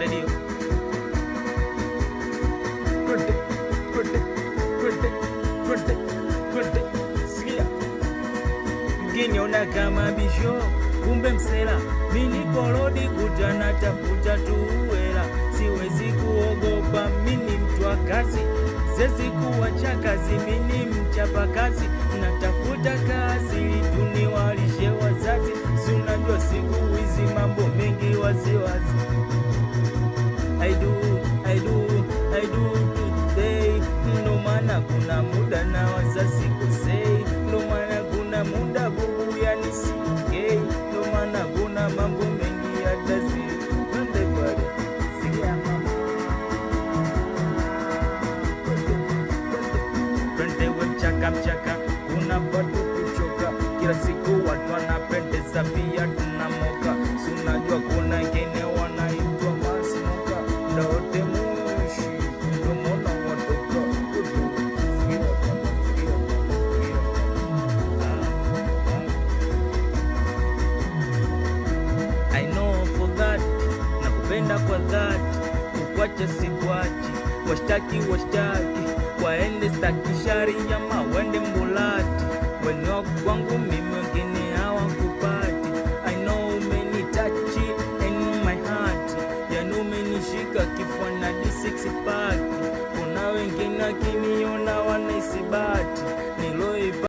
redio. Good day, good day, kama bisho, kumbe msela. Mini polodi kuja na tafuta tuwela, siwezi kuogopa mini mtwa kazi, siwezi kuwacha kazi, mini mchapa kazi, natafuta kazi tuniwalishe wazazi, sunajua siku hizi mambo mengi waziwazi wazi. mchaka, kuna batu kuchoka, kila siku watu wanapendeza, pia tunamoka. Sunajua kuna wengine wanaitwa masmoka, muda wote muishi ndomona watoka I know for that, nakupenda kwa dhati, kukwacha sikwachi, washtaki washtaki waende stakishari ya mawende mbulati wenok kwangu mimi wengine hawakupati. I know umenitachi in my heart, yani umenishika kifua na D6 pack. Kuna wengine akiniona wanaisibati